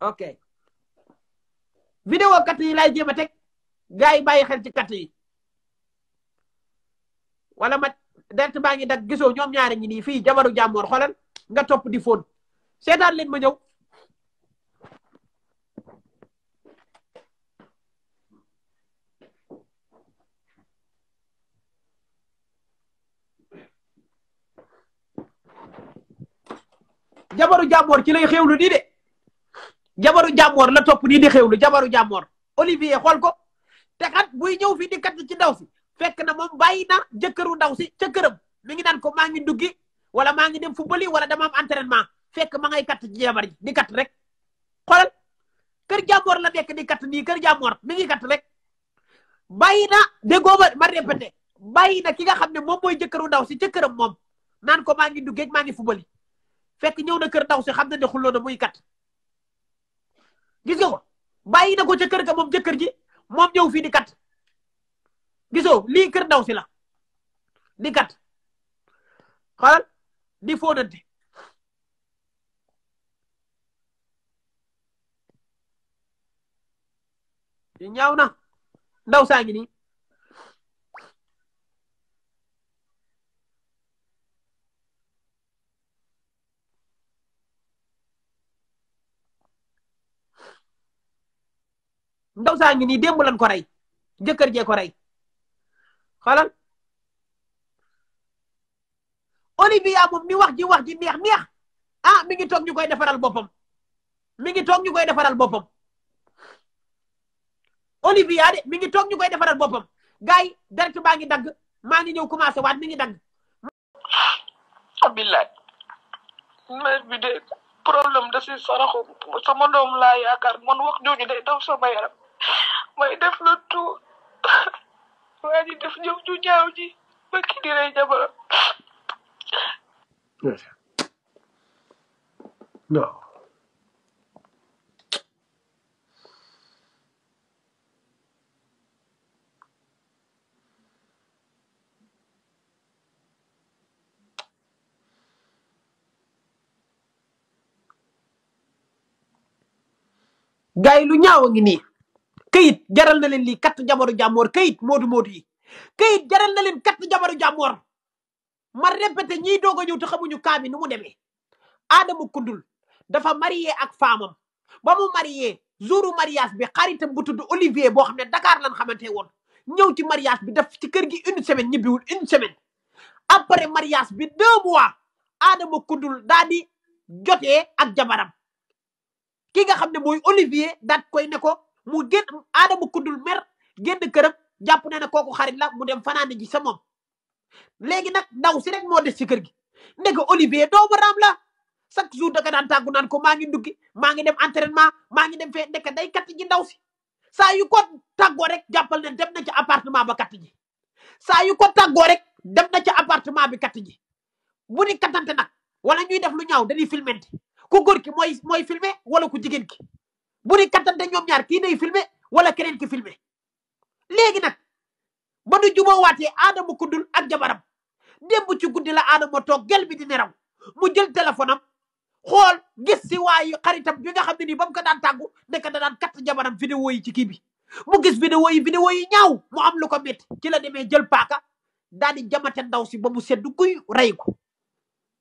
ok vidéo kat yi laay jéem a teg gars yi bàyyi xel ci kat yi wala ma deret baa ngi dag gisoo ñoom ñaari ñi nii fii jabaru jàmmoor xoolal nga topp di fóon seetaan leen ma ñëw jabaru jàmmoor ci lay xewlu nii de jabaru jàmmoor la topp nii di xewlu jabaru jàmmoor Olivier xol ko te xat buy ñëw fii di kat ci ndaw si fekk na moom bàyyi na jëkkëru ndaw si ca këram mi ngi ko maa ngi duggi wala maa ngi dem football wala dama am entraînement fekk ma ngay kat ci ji di kat rek xoolal la nekk di nii kër jàmmoor mi kat rek bàyyi na déggoo ba ma bàyyi na ki nga xam ne moom mooy jëkkëru ndaw si ca këram moom naan ko maa ngi duggee maa ngi football fekk ñëw na kër ndaw si xam na ne xulloo na muy kat gis nga bàyyi na ko ca kër ga moom jëkkër ji moom ñëw fii di kat gisoo lii kër ndaw si la di kat xoolal di ñaaw na ndaw saa ngi nii ndaw saa ngi nii démb lan ko rey jëkkër jee ko rey xoolal Olivia moom mi wax ji wax ji neex neex ah mi ngi toog ñu koy defaral boppam mi ngi toog ñu koy defaral boppam Olivia de mi ngi toog ñu koy defaral boppam gars yi direct baa ngi dagg maa ngi ñëw commencé waat mi ngi dagg. Ah, billaay mère bi de problème da si saraxu sama doom laa yaakaar moon wax jooju day daw sama yaram. mooy def na tout waa ji def jëf ju ñaaw ji ba kii di rey jabaram non gars lu ñaaw a kayit jaral na leen lii katt jabaru jàmmoor kayit moodu moodu yi kayit jaral na leen katt jabaru jàmmoor ma répété ñiy doog a ñëw te xamuñu kaa nu mu demee aadama kundul dafa marié ak faamam ba mu marié jouru mariage bi xaritam bu tudd Olivier boo xam ne Dakar lan xamante woon ñëw ci mariage bi def ci kër gi une semaine ñibbiwul une semaine après mariage bi deux mois aadama kundul daa di ak jabaram ki nga xam ne mooy Olivier daat koy ne mu génn aadama kuddul mer génn këram jàpp ne ne kooku xarit la mu dem fanaan ji sa moom léegi nag ndaw si rek moo des ci kër gi ndeke Olivier doomu raam la chaque jour da nga daan tàggu naan ko maa ngi nduggi maa ngi dem entraînement maa ngi dem fee ndeke day katt ji ndaw si saa yu ko tàggoo rek jàppal ne dem na ci appartement ba katt ji saa yu ko tàggoo rek dem na ci appartement bi katt ji bu ni kattante nag wala ñuy def lu ñaaw dañuy filmante ku góor ki mooy mooy filmer wala ku jigéen ki bu di kattante ñoom ñaar kii nay filmer wala kereen ki filmer léegi nag ba nu juboowaatee aadama kuddul ak jabaram démb ci guddi la aadama toog gel bi di neraw mu jël téléphone am xool gis si waayu xaritam bi nga xam ne nii ba mu ko daan tàggu nekk da daan katt jabaram vidéo ci kii bi mu gis vidéo yi vidéo yi ñaaw mu am lu ko métti ci la demee jël paaka daal di jamate ndaw si ba mu seddu guy rey ko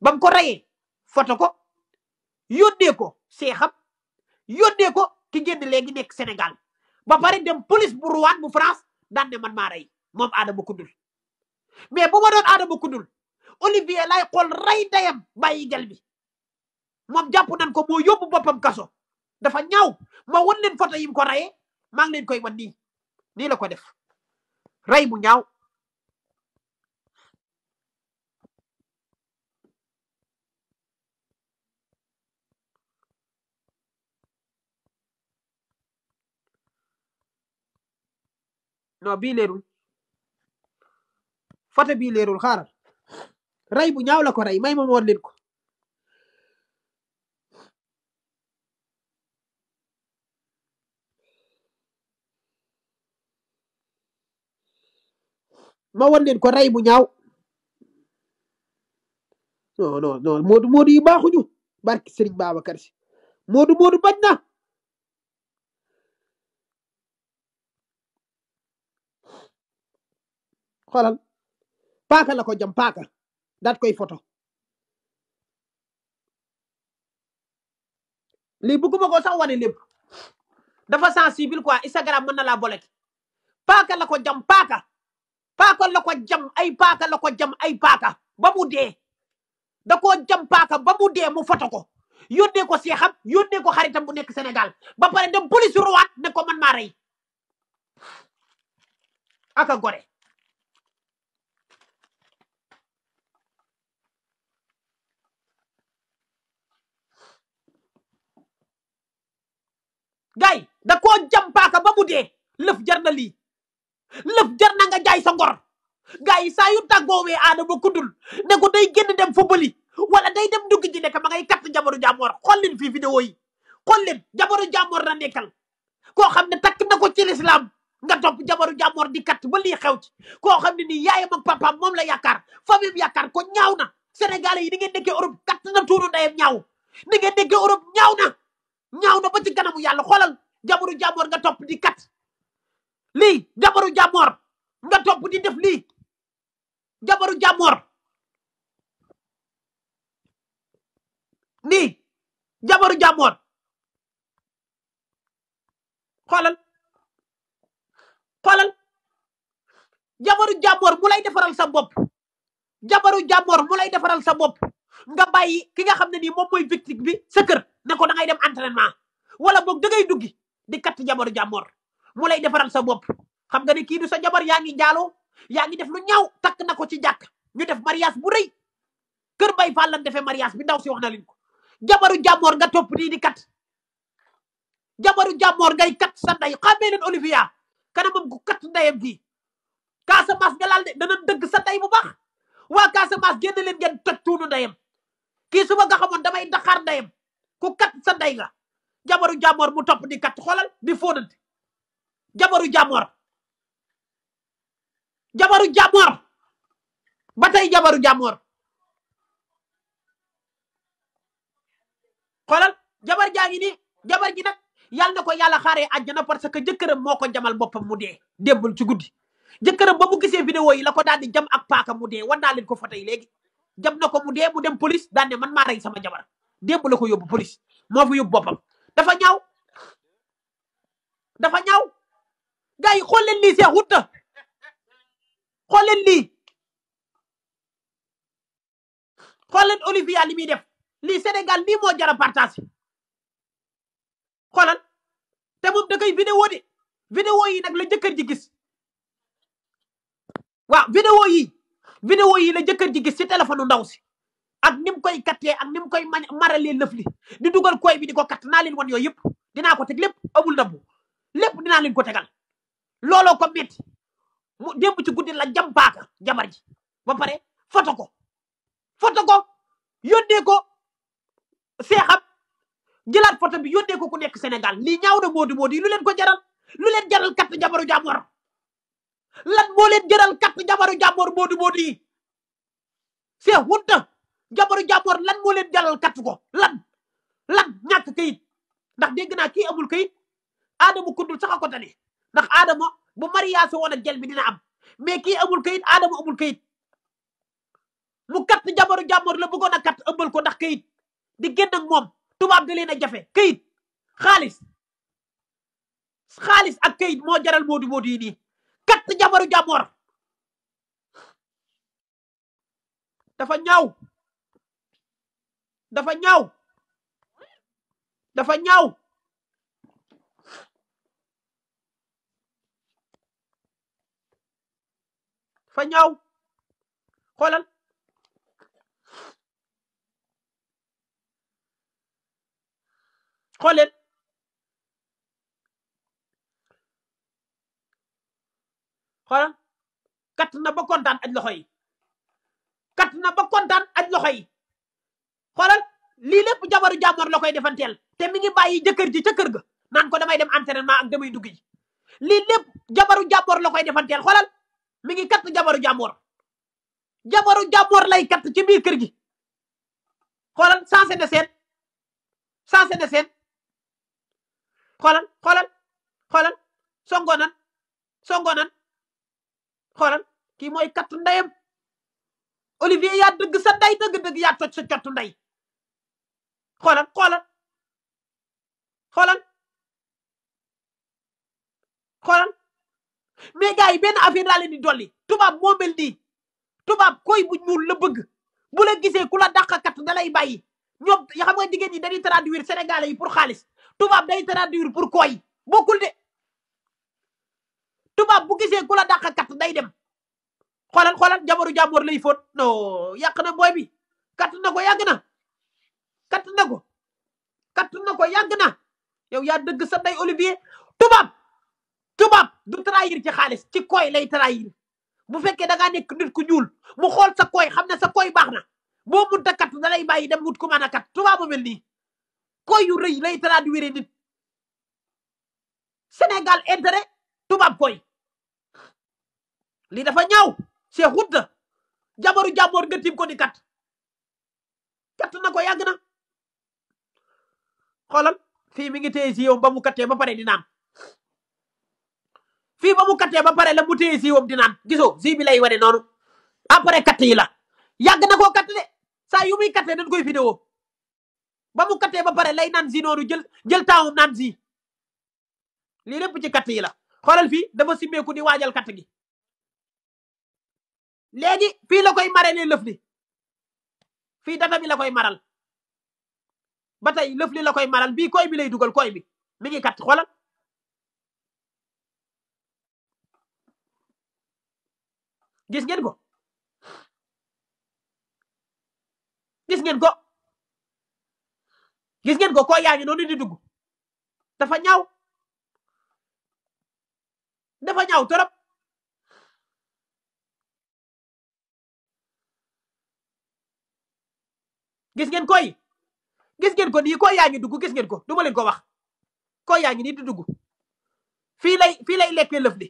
ba mu ko reyee foto ko yónnee ko seexam yónnee ko ki génn léegi nekk Sénégal ba pare dem police bu Rouen bu France daan ne man maa rey moom Adama Koundoul mais bu ma doon Adama Koundoul Olivier lay xool rey dayam bàyyi gel bi moom jàpp nan ko moo yóbbu boppam kaso dafa ñaaw ma won leen photo yi ko reyee maa leen koy wan nii nii la ko def rey mu ñaaw non bii leerul photo bii leerul xaaral rey bu ñaaw la ko rey may ma woon leen ko ma woon leen ko rey bu ñaaw noo non non Modou Modou yi baaxuñu barki Serigne Babacar si Modou Modou bañ xoolal paaka la ko jam paaka daat koy photo lii bëgguma ko sax wane lépp dafa sensible quoi Instagram mën na laa bolek paaka la ko jam paaka paaka la ko jam ay paaka la ko jam ay paaka ba mu dee da ko jam paaka ba mu dee mu photo ko yónnee ko seexam yónnee ko xaritam bu nekk Sénégal ba pare dem police ruwaat ne ko man maa rey aka gore gay da koo jam paaka ba mu dee lëf jar na lii lëf jar na nga jaay sa ngor gars yi saa yu tàggoowee aadama kuddul ne ko day génn dem fubali wala day dem dugg ji nekk ma ngay katt jabaru jàmmoor xool leen fii vidéo yi xool leen jabaru jàmmoor na nekkal koo xam ne takk na ko ci lislaam nga topp jabaru jàmmoor di katt ba lii xew ci koo xam ne ni yaayam ak papaam moom la yaakaar famille yaakaar ko ñaaw na sénégalais yi ni ngeen nekkee Europe katt na tuuru ndeyam ñaaw ni ngeen nekkee Europe ñaaw na ñaaw na ba ci kanamu yàlla xoolal jabaru jàmmoor nga topp di kat lii jabaru jàmmoor nga topp di def lii jabaru jàmmoor lii jabaru jàmmoor xoolal xoolal jabaru jàmmoor mu lay defaral sa bopp jabaru jàmmoor mu lay defaral sa bopp nga bàyyi ki nga xam ne nii moom mooy victime bi sa kër na ko da ngay dem entraînement wala boog da ngay duggi di katt jabaru jàmmoor mu lay defaral sa bopp xam nga ne kii du sa jabar yaa ngi njaaloo yaa ngi def lu ñaaw takk na ko ci jàkk ñu def mariage bu rey kër bay fal lan defee mariage bi ndaw si wax na leen ko jabaru jàmmoor nga topp nii di kat jabaru jàmmoor ngay kat sa nday xamee leen Olivia kanamam ku kat ndayam gi Casamance nga laal de dana dëgg sa nday bu baax waa Casamance génn leen ngeen toj tuunu ndayam kii suba nga xamoon damay daxaar ku kat sa day la jabaru jàmmoor bu topp di kat xoolal di fóonante jabaru jàmmoor jabaru jàmmoor ba tey jabaru jàmmoor xoolal jabar jaa ngi nii jabar ji nag yàlla na ko yàlla xaaree àjjana parce que jëkkëram moo ko jamal boppam mu dee démbul ci guddi jëkkëram ba mu gisee vidéo yi la ko daal di jam ak paaka mu dee wan naa leen ko foto yi léegi jam na ko mu dee mu dem police daal ne man maa rey sama jabar démb la ko yóbbu police moo fi yóbbu boppam dafa ñaaw dafa ñaaw gars yi xool leen lii Cheikh Wouta xool lii xool leen Olivia li muy def lii Sénégal lii moo jara partage xoolal te moom da koy vidéo de vidéo yi nag la jëkkër ji gis waaw vidéo yi vidéo yi la jëkkër ji gis ci téléphone ndaw si ak ni mu koy kattee ak ni koy maralee lëf li di dugal koy bi di ko katt naa leen wan yooyu yëpp dinaa ko teg lépp amul na bu lépp dinaa leen ko tegal looloo ko metti mu démb ci guddi la jam paaka jabar ji ba pare foto ko foto ko yónnee ko seexam jëlaat foto bi yónnee ko ku nekk senegal lii ñaaw na Modou Modou lu leen ko jaral lu leen jaral katt jabaru jàmbur lan moo leen jaral katt jabaru jàmbur Modou Modou yi c'est honte jabaru jàppoor lan moo leen jalal kattu ko lan lan ñàkk kayit ndax dégg naa kii amul kayit aadama kuddul sax a ko ndax aadama bu mariage woon ak jël am mais kii amul kayit aadama amul kayit mu kat jabaru jàmmoor la bëggoon a katt ko ndax kayit di génn ak moom tubaab da leen a jafe kayit xaalis xaalis ak kayit moo jaral moodu moodu yi nii katt jabaru jàmmoor dafa dafa ñaaw dafa ñaaw dafa ñaaw xoolal xooleen xoolal kat na ba kontaan aj loxo yi kat na ba kontaan aj loxo yi xoolal lii lépp jabaru jàmbur la koy defanteel te mi ngi bàyyi jëkkër ji ca kër ga naan ko damay dem entraînement ak damay dugg ji lii lépp jabaru jàmbur la koy defanteel xoolal mi kat katt jabaru jàmbur jabaru jàmbur lay kat ci biir kër gi xoolal sansé de seen sansé xolal xolal xoolal xoolal xoolal songo kii mooy kat ndeyam Olivier yaa dëgg sa ndey dëgg-dëgg yaa toj sa cottu ndey xoolal xoolal xoolal xoolal mais gars yi benn affaire laa leen di dolli tubaab moo mel nii tubaab koy bu ñuul la bëgg bu la gisee ku la dàqakat da lay bàyyi ya xam nga jigéen ñi dañuy traduire sénégalais yi pour xaalis tubaab day traduire pour koy bokkul de tubaab bu gisee ku la dàqakat day dem xoolal xoolal jabaru jàmboor lay fóot non yàq na booy bi kat na ko yàgg na katt na ko katt na ko yàgg na yow yaa dëgg sa day Olivier tubaab tubaab du trahir ci xaalis ci koy lay trahir bu fekkee da ngaa nekk nit ku ñuul mu xool sa koy xam ne sa koy baax na boo mun ta kat da lay bàyyi dem wut ku mën a kat tubaabu mel nii koy yu rëy lay traduire nit Sénégal intérêt tubaab koy lii dafa ñaaw c'est xutta jabaru jàmboor nga tiim ko di kat kat na ko yàgg na xoolal fii mi ngi téye si yow ba mu kate ba pare di naan ba mu kattee ba pare la mu téye si yow di naan gisoo si bi lay wane noonu après katt yi la yàgg na koo katt de saa yu muy kattee dañ koy vidéo ba mu kattee ba pare lay naan si noonu jël jël taawum naan si lii lépp ci katt yi la xoolal fii dafa simmeeku di waajal katt gi léegi fii la koy mare ne lëf ni fii data bi la koy maral ba tey lëf li la koy maral bii koy bi lay dugal koy bi mi ngi kat xoolal gis ngeen ko gis ngeen ko gis ngeen ko koo yaa ngi noonu di dugg dafa ñaw dafa ñaw torop gis ngeen koy gis ngeen ko nii koo yaa ngi dugg gis ngeen ko du ma ko wax koo yaa ngi nii di dugg fii lay fii lay lekkee lëf li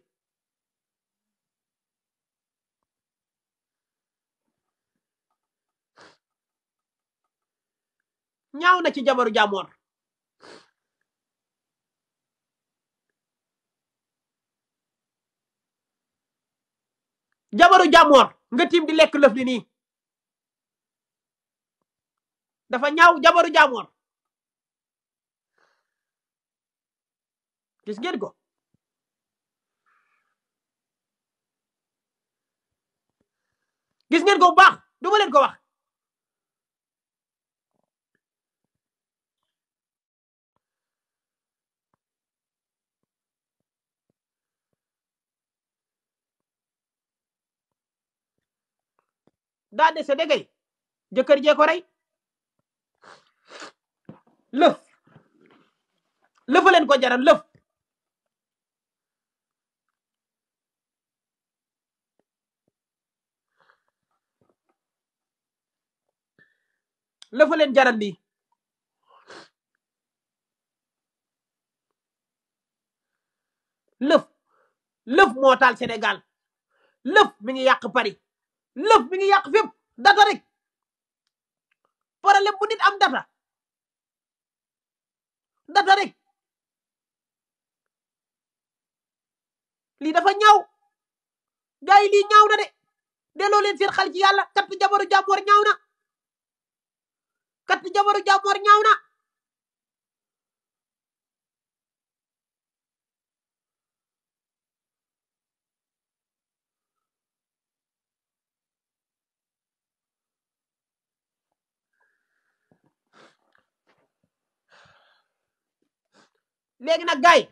ñaaw na ci jabaru jàmmoor jabaru jàmmoor nga tiim di lekk lëf li nii dafa ñaaw jabaru jaamoor gis ngeen ko gis ngeen ko baax duma leen ko wax daa dese dëggay jëkkër jee ko rey lëf lëfa leen ko jaral lëf lëfa leen jaral lii lëf lëf moo taal Sénégal lëf mi ngi yàq Paris lëf mi ngi yàq fépp data rek problème bu nit am data dada rek lii dafa ñaaw gars yi lii ñaaw na de delloo leen seen xal ci yàlla kat jabaru jàmmoor ñaaw na kat jabaru jàmmoor ñaaw na léegi nag gaay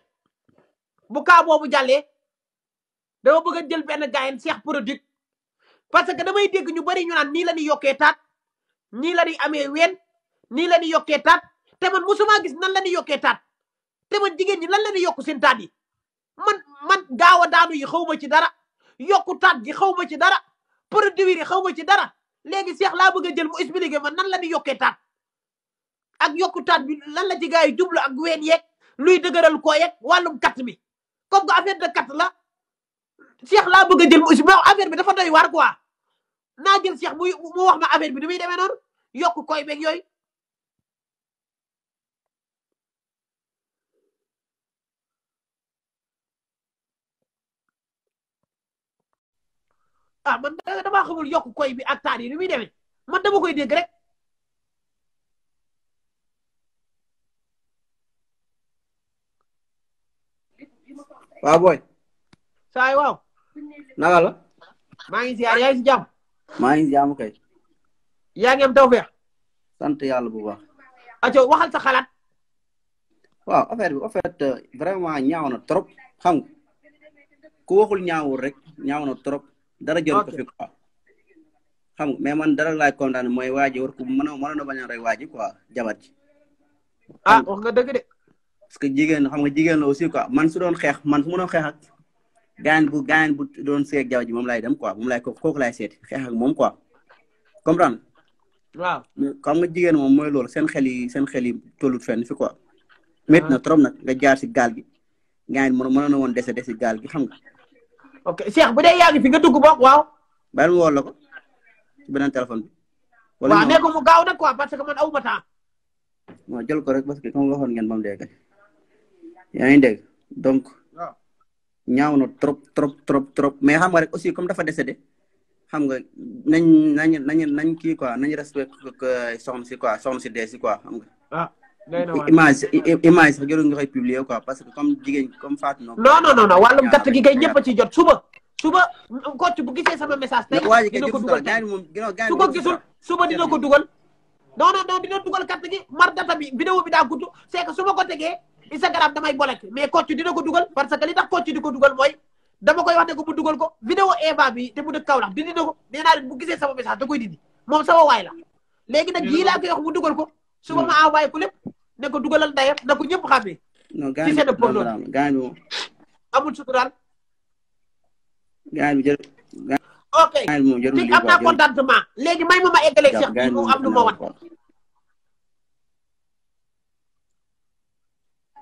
bu kaa bu jàllee dama bëgg jël benn gars seex Cheikh Produit parce que damay dégg ñu bari ñu naan nii la ñuy yokkee taat nii la ñuy amee ween nii la ñuy yokkee taat te man musuma gis nan la ñuy yokkee taat te man jigéen ñi lan la ñuy yokku seen yi man man gaaw daanu yi xaw ma ci dara yokku taat gi xaw ma ci dara produit yi xaw ma ci dara léegi seex laa bëgg a jël mu expliqué ma nan la ñuy yokkee taat ak yokku bi lan la ci gars yi jublu ak ween yeeg luy dëgëral koo yeeg kat bi comme que affaire de kat la Cheikh laa bëgg a jël aussi mais affaire bi dafa doy waar quoi naa jël Cheikh muy mu wax ma affaire bi ni muy demee noonu yokk koy beeg yooyu. ah man damaa xamul yokk koy bi ak taar yi ni muy demee man dama koy dégg rek. waaw booy. saa waaw. naka la. maa ngi ziar yaa ngi si jàmm. maa ngi si jàmm kay. yaa ngi am tawfeex. sant yàlla bu baax. aco waxal sa xalaat. waaw affaire bi en fait euh, vraiment ñaaw na trop xam nga ku waxul ñaawul rek ñaaw na trop. dara jël ko fi quoi. xam nga man dara laay kontaan mooy waa ji war ko mën a mën a bañ a rey waa ji quoi jabar ji. Ah, nga dëgg de. parce que jigéen xam nga jigéen la aussi quoi man su doon xeex man su ma doon xeex ak gaañ bu gaañ bu doon seeg jaww ji moom laay dem quoi moom laay kooku laay seeti xeex ak moom quoi comprendre waaw xam nga jigéen moom mooy lool seen xel yi seen xel yi tollut fenn fi quoi. met na ah. trop nag nga jaar si gaal gi. gaañ mën mënoon na woon dese dese gaal gi xam nga. ok Cheikh bu dee yaa ngi fi nga dugg bokk waaw. bàyyi ma woo ko ci beneen téléphone bi. wala waaw ne ko gaaw nag quoi parce que man aw ma temps. waaw ko rek parce que comme waxoon ngeen ba yaa ngi dégg donc. ñaaw na trop trop trop trop mais xam nga rek aussi comme dafa décédé xam nga nañ nañ nañ nañ kii quoi nañ respect soxna si quoi soxna si dee si nga. ah image image sax jarul nga koy publier quoi parce que comme jigéen comme ñëpp a jot suba. suba Kocc bu gisee message tey dina ko dugal tey su ko gisul dina ko dugal. non non non dina dugal gàtt gi mar data bi vidéo bi daa gudd c'est que su ma ko tegee. Instagram damay bloqué mais coach dina ko dugal parce que li tax coach di ko dugal mooy dama koy wax ne ko mu dugal ko vidéo Eva bi te mu dëkk Kaolack dindi na ko nee naa leen bu gisee sama message da koy dindi moom sama waay la léegi nag yii laa koy wax dugal ko suba ma hmm. envoyé ku lépp ne ko dugalal ndayam na ko ñëpp xamee ci seen polo gaañu amul suturaal gaañu jël ok ti am naa contentement léegi may ma ma eggaleeg Cheikh bi mu am lu ma wan